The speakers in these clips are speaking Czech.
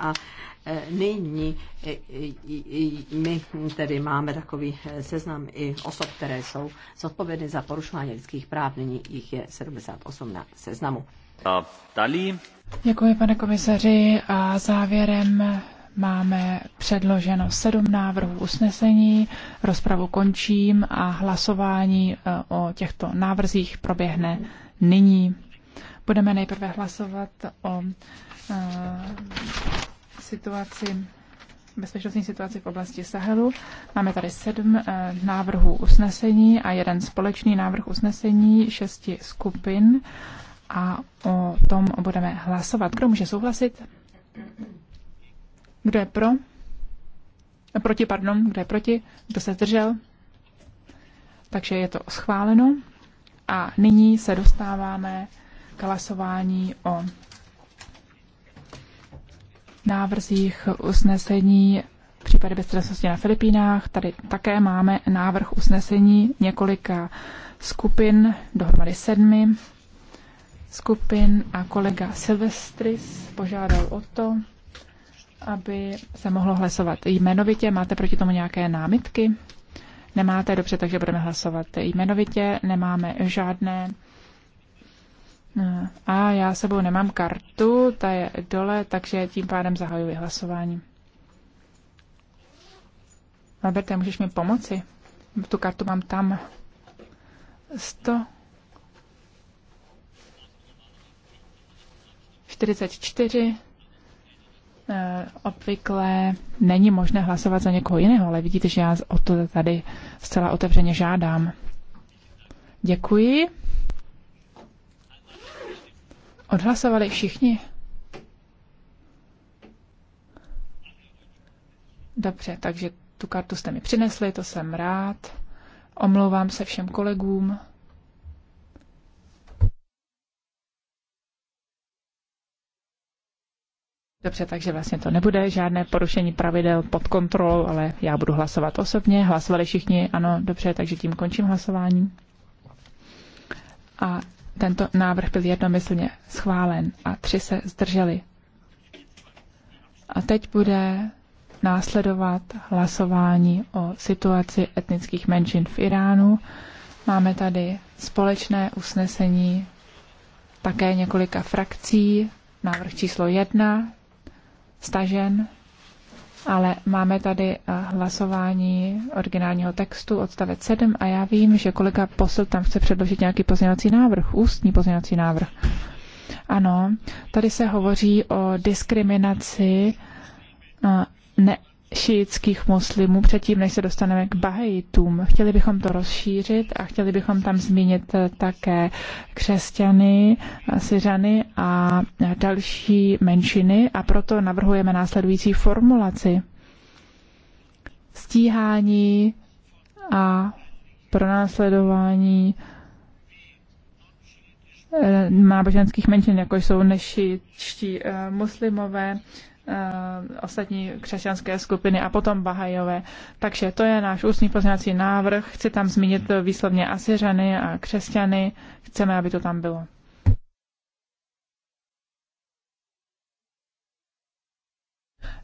A e, nyní e, e, my tedy máme takový seznam i osob, které jsou zodpovědny za porušování lidských práv. Nyní jich je 78 na seznamu. Dalí. Děkuji, pane komisaři. A závěrem máme předloženo sedm návrhů usnesení. Rozpravu končím a hlasování o těchto návrzích proběhne nyní. Budeme nejprve hlasovat o situaci bezpečnostní situaci v oblasti Sahelu. Máme tady sedm eh, návrhů usnesení a jeden společný návrh usnesení šesti skupin a o tom budeme hlasovat. Kdo může souhlasit? Kdo je pro? Proti, pardon, kdo je proti? Kdo se zdržel? Takže je to schváleno. A nyní se dostáváme k hlasování o návrzích usnesení v případě beztrestnosti na Filipínách. Tady také máme návrh usnesení několika skupin, dohromady sedmi skupin a kolega Silvestris požádal o to, aby se mohlo hlasovat jmenovitě. Máte proti tomu nějaké námitky? Nemáte, dobře, takže budeme hlasovat jmenovitě. Nemáme žádné a já sebou nemám kartu, ta je dole, takže tím pádem zahajuji hlasování. Roberte, můžeš mi pomoci? Tu kartu mám tam. 100. 44. Eh, obvykle není možné hlasovat za někoho jiného, ale vidíte, že já o to tady zcela otevřeně žádám. Děkuji. Odhlasovali všichni? Dobře, takže tu kartu jste mi přinesli, to jsem rád. Omlouvám se všem kolegům. Dobře, takže vlastně to nebude žádné porušení pravidel pod kontrolou, ale já budu hlasovat osobně. Hlasovali všichni, ano, dobře, takže tím končím hlasování. A tento návrh byl jednomyslně schválen a tři se zdrželi. A teď bude následovat hlasování o situaci etnických menšin v Iránu. Máme tady společné usnesení také několika frakcí, návrh číslo jedna, stažen, ale máme tady eh, hlasování originálního textu, odstavec 7 a já vím, že kolega posl tam chce předložit nějaký pozměňovací návrh, ústní pozměňovací návrh. Ano, tady se hovoří o diskriminaci eh, ne, muslimů předtím, než se dostaneme k Bahajitům. Chtěli bychom to rozšířit a chtěli bychom tam zmínit eh, také křesťany, syřany a další menšiny a proto navrhujeme následující formulaci. Stíhání a pronásledování eh, náboženských menšin, jako jsou nešičtí eh, muslimové, eh, ostatní křesťanské skupiny a potom Bahajové. Takže to je náš ústní pozměňovací návrh. Chci tam zmínit výslovně Asiřany a křesťany. Chceme, aby to tam bylo.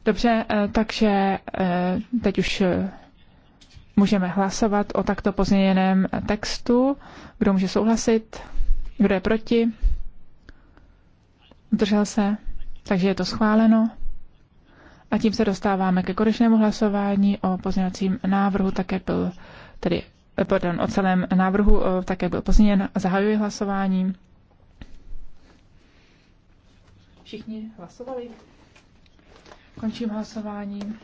Dobře, eh, takže eh, teď už eh, můžeme hlasovat o takto pozměněném textu. Kdo může souhlasit? Kdo je proti? Zdržel se? Takže je to schváleno. A tím se dostáváme ke konečnému hlasování o pozměňovacím návrhu, tak jak byl tedy, pardon, o celém návrhu, tak jak byl pozměněn. Zahajuji hlasování. Všichni hlasovali? Končím hlasování.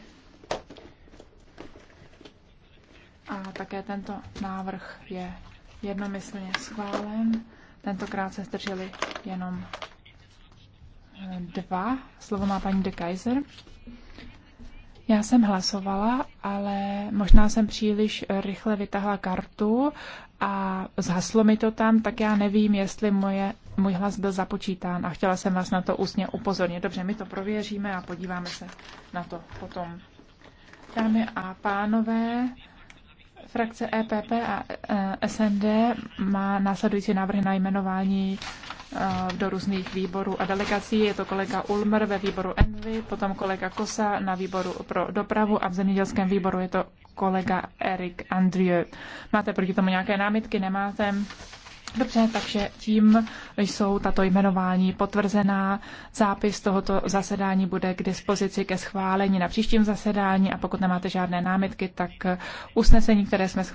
A také tento návrh je jednomyslně schválen. Tentokrát se zdrželi jenom eh, dva. Slovo má paní de Kaiser. Já jsem hlasovala, ale možná jsem příliš rychle vytahla kartu a zhaslo mi to tam, tak já nevím, jestli moje můj hlas byl započítán a chtěla jsem vás na to ústně upozornit. Dobře, my to prověříme a podíváme se na to potom. Dámy a pánové, frakce EPP a e, SND má následující návrh na jmenování e, do různých výborů a delegací. Je to kolega Ulmer ve výboru Envy, potom kolega Kosa na výboru pro dopravu a v zemědělském výboru je to kolega Erik Andrieu. Máte proti tomu nějaké námitky? Nemáte? Dobře, takže tím jsou tato jmenování potvrzená. Zápis tohoto zasedání bude k dispozici ke schválení na příštím zasedání a pokud nemáte žádné námitky, tak usnesení, které jsme schválili,